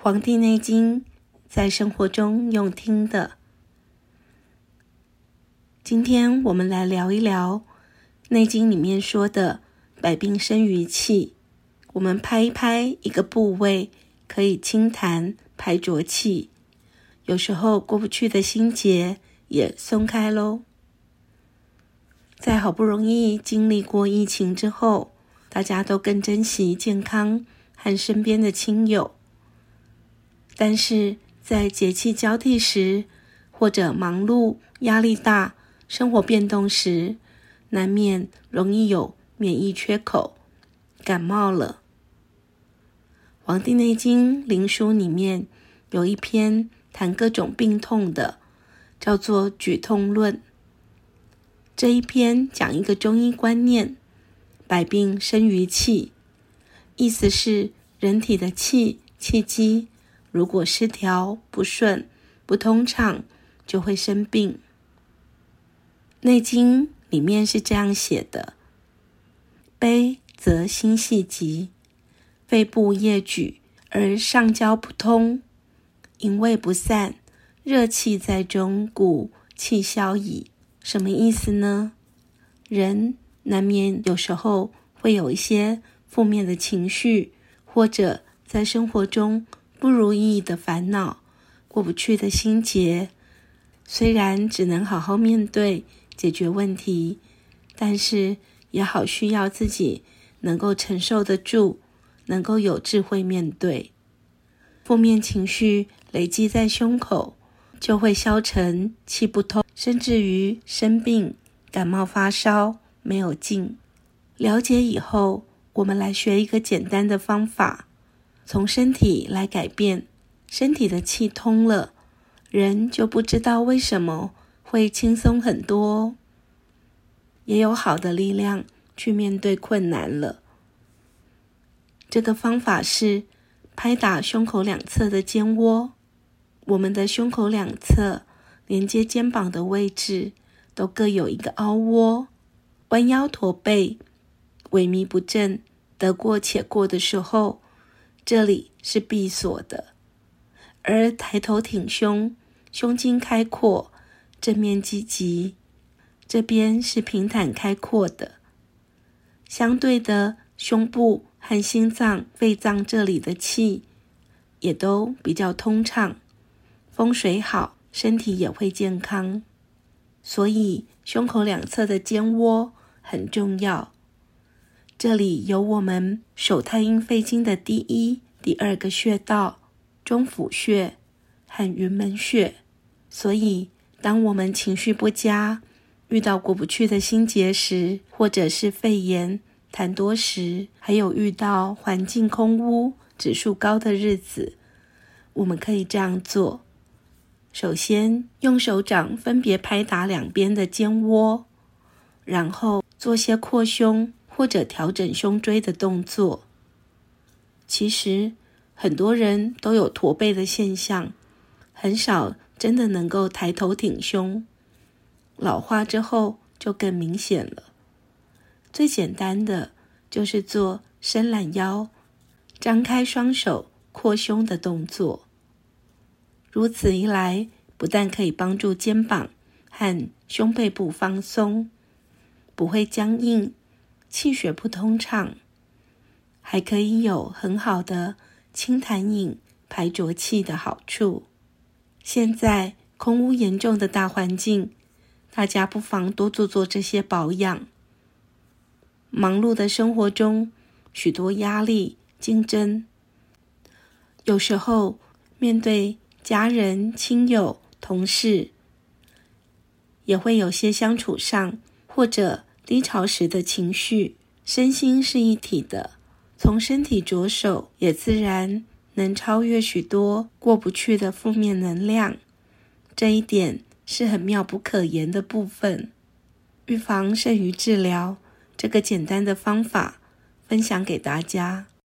《黃帝內經》在生活中用聽的，今天我們來聊一聊《內經》裡面說的“百病生於氣”。我們拍一拍一個部位，可以清痰、排濁氣。有時候過不去的心結也鬆開嘍。在好不容易經歷過疫情之後，大家都更珍惜健康和身邊的親友。但是在節氣交替時，或者忙碌、壓力大、生活變動時，難免容易有免疫缺口，感冒了。《黃帝內經·靈樞》裡面有一篇談各種病痛的，叫做《舉痛論》。這一篇講一個中醫觀念：百病生於氣，意思是人體的氣、氣機。如果失調不順、不通暢，就會生病。《內經》裡面是這樣寫的：“悲則心系急，肺布葉舉，而上焦不通，榮衛不散，熱氣在中，故氣消矣。”什麼意思呢？人難免有時候會有一些負面的情緒，或者在生活中。不如意的煩惱，過不去的心結，雖然只能好好面對解決問題，但是也好需要自己能夠承受得住，能夠有智慧面對。負面情緒累積在胸口，就會消沉、氣不通，甚至於生病、感冒發燒，沒有勁。了解以後，我們來學一個簡單的方法。從身體來改變，身體的氣通了，人就不知道為什麼會輕鬆很多，也有好的力量去面對困難了。這個方法是拍打胸口兩側的肩窩，我們的胸口兩側連接肩膀的位置都各有一個凹窩。彎腰駝背、萎靡不振、得過且過的時候。這裡是閉鎖的，而抬頭挺胸、胸襟開闊、正面積極，這邊是平坦開闊的。相對的，胸部和心臟、肺臟這裡的氣也都比較通暢，風水好，身體也會健康。所以，胸口兩側的肩窩很重要。這裡有我們手太陰肺經的第一、第二個穴道，中府穴和雲門穴，所以當我們情緒不佳、遇到過不去的心結時，或者是肺炎痰多時，還有遇到環境空污指數高的日子，我們可以這樣做：首先用手掌分別拍打兩邊的肩窩，然後做些擴胸。或者調整胸椎的動作，其實很多人都有駝背的現象，很少真的能夠抬頭挺胸。老化之後就更明顯了。最簡單的就是做伸懶腰、張開雙手擴胸的動作，如此一來，不但可以幫助肩膀和胸背部放鬆，不會僵硬。氣血不通暢，還可以有很好的清痰飲、排濁氣的好處。現在空污嚴重的大環境，大家不妨多做做這些保養。忙碌的生活中，許多壓力、競爭，有時候面對家人、親友、同事，也會有些相處上或者，低潮時的情緒，身心是一體的，從身體着手，也自然能超越許多過不去的負面能量。這一點是很妙不可言的部分。預防勝於治療，這個簡單的方法分享給大家。